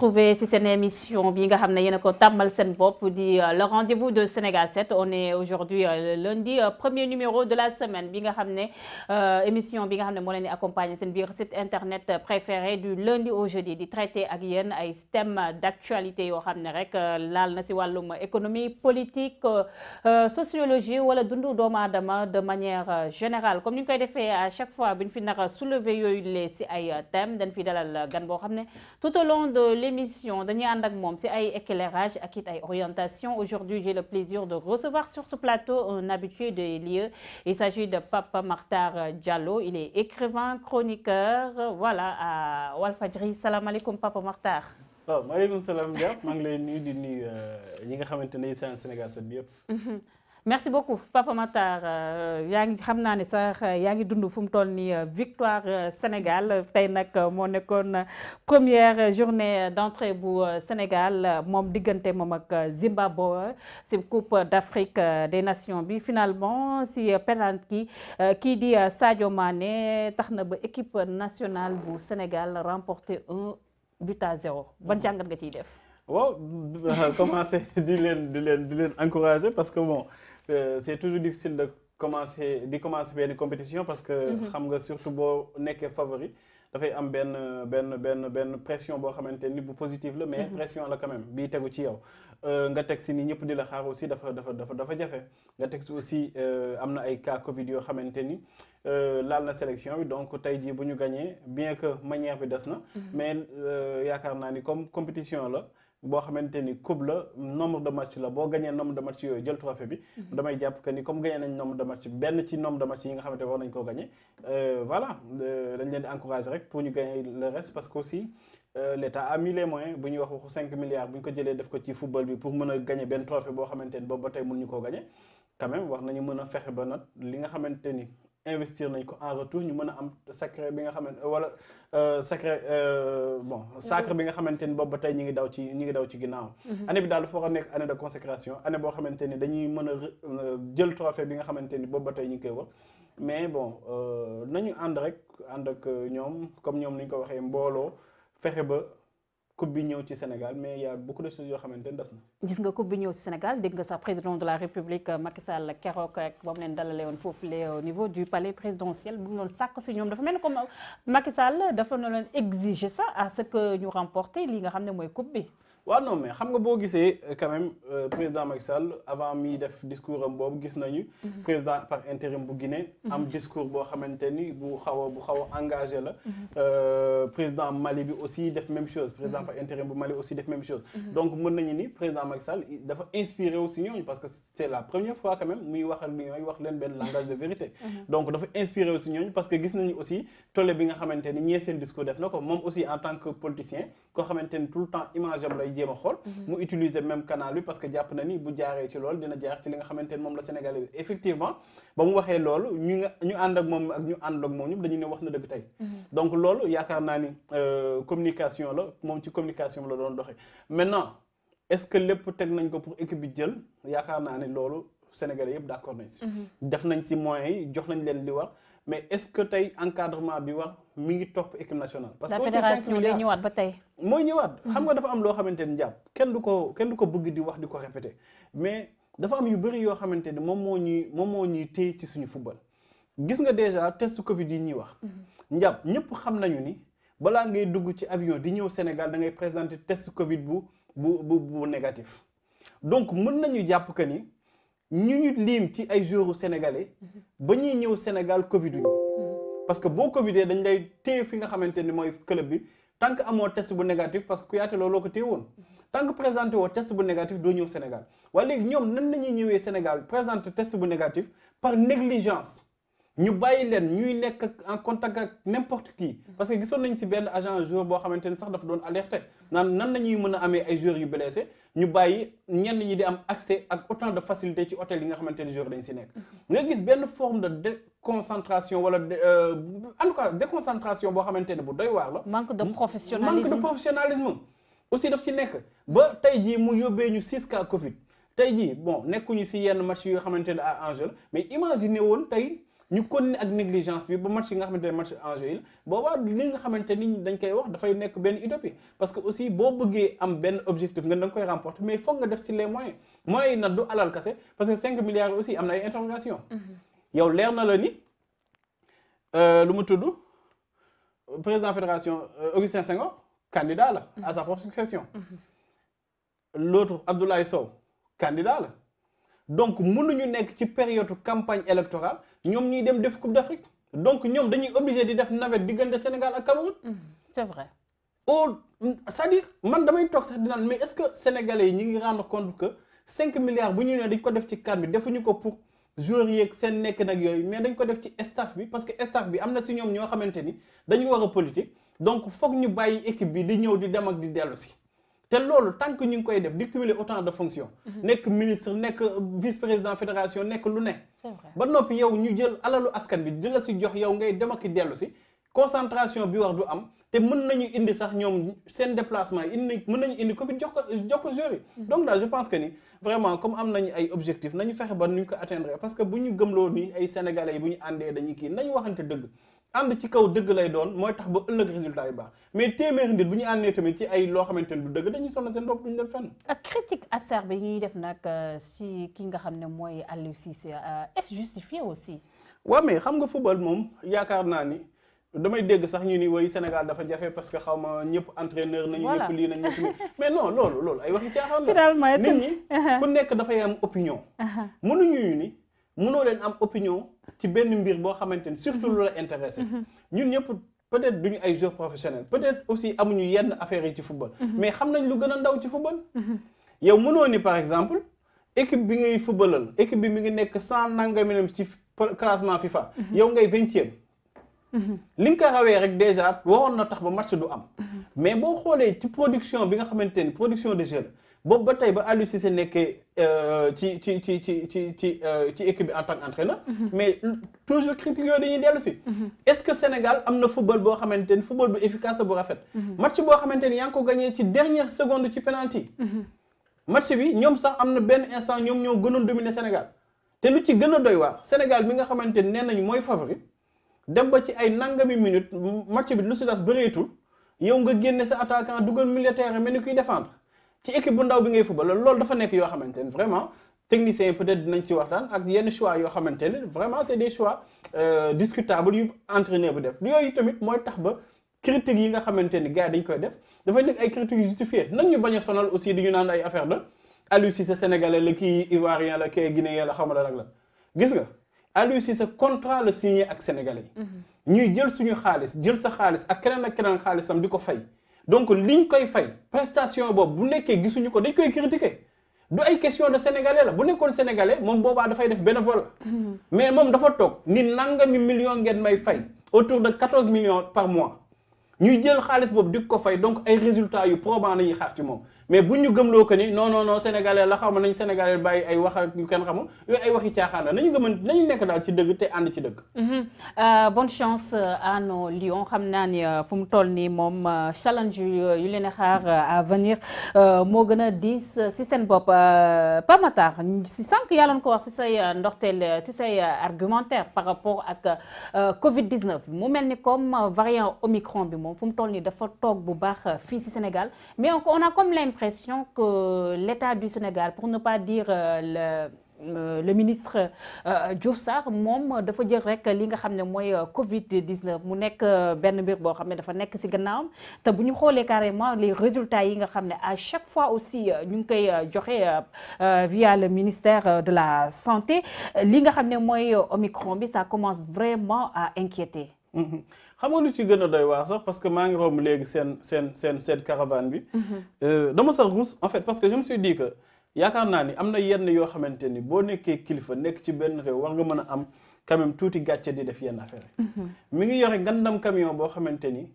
retrouver si seen émission xam ne yéen ko tàmmal seen bopp di euh, le rendez-vous de Sénégal 7 on est aujourd'hui euh, lundi euh, premier numéro de la semaine bi nga xam ne émission bi nga xam ne moo leen di accompagner seen biir site internet préféré du lundi au jeudi di traité ak yéen ay thèmes d'actualité yoo xam ne rek laal na si wàllum économie politique sociologie wala dundu doomu aadama de manière générale comme ni ñu koy defee à chaque fois bu ñu fi nar a soulever yooyu les si ay thèmes dañ fi dalal gan boo xam ne tout l'émission dañuy ànd ak moom si ay éclairage ak ay orientation aujourd'hui j'ai le plaisir de recevoir sur ce plateau un habitué des lieux il s'agit de Papa Makhtar Diallo il est écrivain chroniqueur voilà à Walfadjri salaamaaleykum Papa Makhtar waaw maaleykum salaam Diop maa ngi lay nuyu euh, nga xamante ne Sénégal set bi merci beaucoup Papa Matar euh, yaa ngi xam naa ne sax euh, yaa ngi dund fu mu toll nii euh, victoire Sénégal tey nag moo nekkoon première journée d'entrée bu Sénégal moom diggante moom ak Zimbabwe si Coupe d'Afrique des Nations bi finalement si ki kii di Sadio Mané tax na ba équipe nationale bu Sénégal remporté un but à zéro ban mm-hmm. jàngat nga ciy def. waaw commencé di leen di leen encourager parce que bon. c' est toujours difficile de commencer di commencer benn compétition parce que mhm. xam nga surtout boo nekkee favori dafay am benn benn benn benn pression boo xamante ni bu positive la mais mhm. pression la quand même bii tegu ci yow euh, nga teg si ni ñëpp di la xaar aussi dafa dafa dafa dafa jafe nga teg si aussi euh, am na ay cas Covid yoo xamante ni euh, laal na sélection bi donc tey jii bu ñu gagné bien que manière bi des na mhm. mais yaakaar naa ni comme compétition la boo xamante ni coupe la nombre de match la boo gañee nombre de match yooyu jël trophée bi mhm. damay jàpp que ni comme gañee nañ nombre gañee euh, voilà euh, dañ leen di rek pour ñu gañee le reste parce que aussi euh, l'État a mis bu ñuy wax waxu 5 milliards bu ñu ko jëlee def ko ci football bi pour mën a gañe benn trophée boo xamante ni boobu ba tey mënuñu koo gañe quand même war nañu mën a fexe ba nag li nga xamante ni investir nañ ko en retour ñu mën a am sacré bi nga xamante wala euh, sacré euh, bon sacre bi nga xamante ni boobu ba tey ñu ngi daw ci ñu ngi daw ci ginnaaw mhm. année bi daal foo war a nekk année de consécration année boo xamante ni dañuy mën a euh, jël trophée bi nga xamante ni boobu ba tey ñu ngi koy wax mais bon nañu ànd rek ànd ak ñoom comme ñoom ni ko waxee mbooloo fexe ba coupe bi ñëw ci Sénégal mais il a beaucoup de choses yoo xamante ne nga coupe bi ci Sénégal dégg nga sax président de la République euh, Macky Sall keroog ak ba mu euh, au niveau du palais présidentiel bu mu si ñoom dafa mel comme euh, Macky Sall dafa exiger ça à ce que ñu remporter li nga xam ne mooy coupe waaw non mais xam nga boo gisee euh, quand même euh, président Macky Sall avant mi def discours am boobu gis nañu. Mhm. président par intérim bu Guinée. Mhm. am boo xamante ni bu xaw a bu xaw a engagé la. Mhm. Euh, président Mali bi aussi def même chose. président par intérim bu Mali aussi def même chose. donc mën nañu ni président Macky dafa inspiré aussi ñooñu parce que c' est la première fois quand même muy waxal ni ñooñu wax leen benn langage de vérité. donc dafa inspiré aussi ñooñu parce que gis nañu aussi tollé bi nga xamante ni discours def na ko moom aussi en tant que politicien koo xamante ni jéem a xool mhm. mu utiliser même canal bi parce que jàpp na ni bu jaaree ci loolu dina jaar ci li nga xamante moom la Sénégalais bi effectivement ba mu waxee loolu ñu ànd ak moom ak ñu ànd ak moom ñëpp dañu ne wax na dëgg tey mhm. donc loolu yaakaar naa ni euh, communication la moom ci communication la doon doxee maintenant est-ce que lépp teg nañ ko pour équipe jël yaakaar naa ne loolu Sénégalais yëpp d'accord nañ si mhm. def nañ si moyens yi jox nañ leen li war mais est-ce que tey encadrement bi wax mi ngi topp équipe nationale. parce que fédération day ñëwaat ba tey. mooy ñëwaat mm-hmm. xam nga dafa am loo xamante ni jàpp kenn du ko kenn du ko bëgg di wax di ko répéter mais dafa am yu bëri yoo xamante ni moom moo ñuy moom moo ñuy téye ci suñu football. gis nga déjà test Covid yi ñuy wax. Mm-hmm. njàpp ñëpp xam nañu ni balaa ngay dugg ci avion di ñëw Sénégal da ngay présenter test Covid bu bu bu bu négatif donc mën nañu jàpp que ni. ñu ñu liim ci ay joueurs sénégalais ba ñuy ñëw Sénégal Covid ñu parce que boo Covidee dañ lay téye fi nga xamante ni mooy club bi tant amoo test bu négatif parce que Kouyaté looloo ko téye woon. tant que présenté woo test bu négatif doo ñëw Sénégal waaye léegi ñoom nan la ñuy ñëwee Sénégal présenté test bu négatif par négligence. ñu bàyyi leen ñuy nekk en contact ak n'importe qui parce que gisoon nañ si benn agent joueur boo xamante ni sax dafa doon alerte naan nan la ñuy mën a amee ay joueurs yu blessé ñu bàyyi ñenn ñi di am accès ak autant de facilité ci hôtel yi nga xamante ni joueurs dañ si nekk. nga gis benn forme de déconcentration wala euh, en tout cas déconcentration boo xamante ne bu doy waar la. manque de professionnalisme manque de professionnalisme. aussi daf ci nekk ba tey jii mu yóbbee ñu 6 cas Covid tey jii bon nekkuñu si yenn match yoo xamante ne à enjeu mais imaginez woon tey. ñu continuer ak négligence bi ba match yi nga xamante ne match enjeu il boobaa li nga xamante ni dañ koy wax dafay nekk benn utopie parce que aussi boo bëggee am benn objectif nga da koy remporter mais foog nga def si les moyens moyens yi nag alal kese parce que 5 milliards aussi am na ay interrogation mhm. yow leer na la ni euh, lu mu tudd président fédération euh, Augustin Senghor candidat la à sa propre succession mhm. l'autre Abdoulaye Sow candidat la donc mënuñu nekk ci période campagne électorale ñoom ñuy dem def coupe d'Afrique donc ñoom dañuy obligé di def navette diggante Sénégal ak Cameroun. Mm, c'est vrai. au cest à man damay toog sax di naan mais est-ce que sénégalais yi ñu ngi rendre compte que 5 milliards bu ñu nee dañ ko def ci CAN bi defuñu ko pour joueurs yeeg seen nekk nag yooyu mais dañ ko def ci staff bi parce que staff bi am na si ñoom ñoo xamante ni dañu war a politique donc foog ñu bàyyi équipe bi di ñëw di dem ak di dellu si. te loolu tant que ñu ngi koy def di cumuler autant de fonctions. Mhm. nekk ministre nekk vice-président fédération nekk lu ne. ba noppi yow ñu jël alalu askan bi di la si jox yow ngay dem ak dellu si concentration bi wax du am te mën nañu indi sax ñoom seen déplacement indi mën nañu indi Covid jox ko jox ko joueurs mhm. donc daal je pense que ni vraiment comme am nañu ay objectifs nañu fexe ba nu ñu ko atteindre parce que bu ñu gëmloo nii ay sénégalais yi bu ñu àndee dañuy kii nañu waxante dëgg. ànd ci kaw dëgg lay doon mooy tax ba ëllëg résultat yi baax mais téeméeri nit bu ñu àndee tamit ci ay loo xamante ni du dëgg dañuy sonn seen bopp duñu dem fenn. ak critique acerbe bi ñu def nag euh, si ki nga xam ne mooy Aliou Cissé euh, est-ce justifié aussi. waaw mais xam nga football moom yaakaar naa ni damay dégg sax ñu ni way Sénégal dafa jafe parce que xaw ma ñëpp entraîneur nañu. ñëpp lii nañu ñëpp mais non loolu loolu ay waxi caaxaan la. finalement nit ñi ku nekk dafay am opinion. mënuñu ñu nii mënoo leen am opinion ci benn mbir boo xamante ni surtout lu la intéressé mhm. ñun ñëpp peut-être ñu ay joueurs professionnels peut-être aussi amuñu yenn affaires yi ci football mhm. mais xam nañ lu gën a ndaw ci football mhm. yow mënoo ni par exemple équipe bi ngay footballal équipe bi mi ngi nekk cent nangami nam ci classement FIFA yow ngay vingtième li nga ko rawee rek déjà waroon na tax ba match du am mais boo xoolee ci production bi nga xamante ni production de jeu boobu ba tey ba Aliou Cissé nekkee euh, ci ci ci ci ci ci euh, ci équipe bi en tant qu'entraîneur mm-hmm. mais toujours critique yooyu dañuy dellu si mm-hmm. est-ce que Sénégal am na football boo xamante ni football bu efficace la bu rafet mm-hmm. match boo xamante ni yaa ngi ko gagné ci dernière seconde ci penalty match bi ñoom sax am na benn instant ñoom ñoo gënoon dominer Sénégal te lu ci gën a doy waar Sénégal mi nga xamante ne nee nañ mooy favori dem ba ci ay nangami minute match bi lu si das bëreetul yow nga génne sa attaquant dugal militaire mel ni kuy défendre ci équipe bu ndaw bi ngay fubal loolu dafa nekk yoo xamante ne vraiment technicien yi être dinañ ci waxtaan ak yenn choix yoo xamante ne vraiment c'est des choix euh, discutables yu entraîneur bu def yooyu tamit mooy tax ba critiques yi nga xamante ni gars yi dañ koy def dafay nekk ay critiques yu justifiées nag ñu bañ a sonal aussi di ñu naan ay affaire de Aliou Cissé sénégalais la kii ivoirien la kii guinéen la xamala nag la gis nga Aliou Cissé contrat la signé ak sénégalais yi mm-hmm. ñuy jël suñu xaalis jël sa xaalis ak keneen ak kenaan xaalisam di ko fay donc li ñu koy fay prestation boobu bu nekkee gisuñu ko dañ koy critiquer du ay question de sénégalais la bu nekkoon sénégalais moom boobaa dafay def bénévole mm-hmm. mais moom dafa toog ni nangami million ngeen may fay autour de 14 millions par mois ñuy jël xaalis boobu di ko fay donc ay résultat yu probants la ñuy xaar ci moom mais buñ ñu gëmloo que ni non non non sénégalais la xaw ma nañ sénégalais bàyyi ay wax ak yu kenn xamul yooyu ay waxi caaxaan la nañu gëman nañu nekk daal ci dëgg te ànd ci dëgg. Mm-hmm. Euh, bonne chance euh, à nos xam naa ni euh, fu mu toll nii moom challenge yu leen a xaar à venir moo gën a diis si seen bopp Pa Matar si sànq yàlla na ko wax si say ndorteel ci say argumentaire par rapport ak Covid 19 mu mel ni comme variant Omicron bi moom fu mu toll nii dafa toog bu fii si Sénégal l'impression que l'État du Sénégal, pour ne pas dire euh, euh, le ministre euh, Diouf Sarr moom dafa jël rek li nga xam ne mooy Covid 19 mu nekk benn mbir boo xam ne dafa nekk si gannaawam te bu ñu xoolee carrément les résultats yi nga xam ne à chaque fois aussi ñu ngi koy joxe via le ministère de la santé li nga xam ne mooy Omicron bi ça commence vraiment à inquiéter. Mm-hmm. xam nga lu ci gën a doy waa sax parce que maa ngi romb léegi seen seen seen seen caravane bi. Mhm. Euh, dama sax ruus en fait parce que je me suis dit yaakaar naa ni am na yenn yoo xamante ni boo nekkee kilifa nekk ci benn réew nga mën a am quand tuuti gàcce di def yenn affaire mhm. mi ngi yore ngandam camion boo xamante ni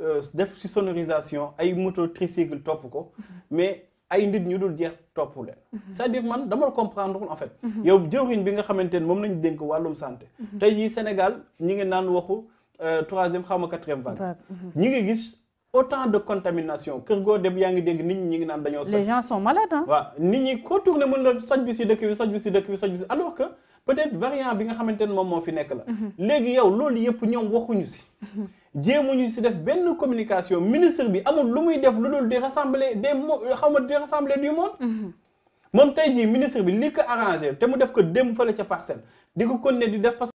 euh, def ci sonorisation ay moto tricycle topp ko mhm. mais. ay nit ñu dul jeex topp leen c'est-à-dire man dama comprendre en fait yow jëwriñ bi nga xamante ne moom lañu dénk wàllum santé tey jii Sénégal ñu ngi naan waxu Euh, troisième xaw ma quatrième vague. Mhm. ñi ngi gis autant de contamination kër goo dem yaa ngi dégg nit ñi ñu ngi naan dañoo. soj les gens sont malades ah. waaw nit ñi ko tourné mën la soj bi si dëkk bi soj bi si dëkk bi soj bi si alors que peut-être variant bi nga xamante ne moom moo fi nekk la. Mhm. léegi yow loolu yëpp ñoom waxuñu si. Mhm. jéemuñu si def benn communication ministre bi amul lu muy def lu dul di rassembler de mo xaw ma di rassembler du monde. moom tey jii ministre bi li ko arrangé te mu def ko dem fële ca parcelle di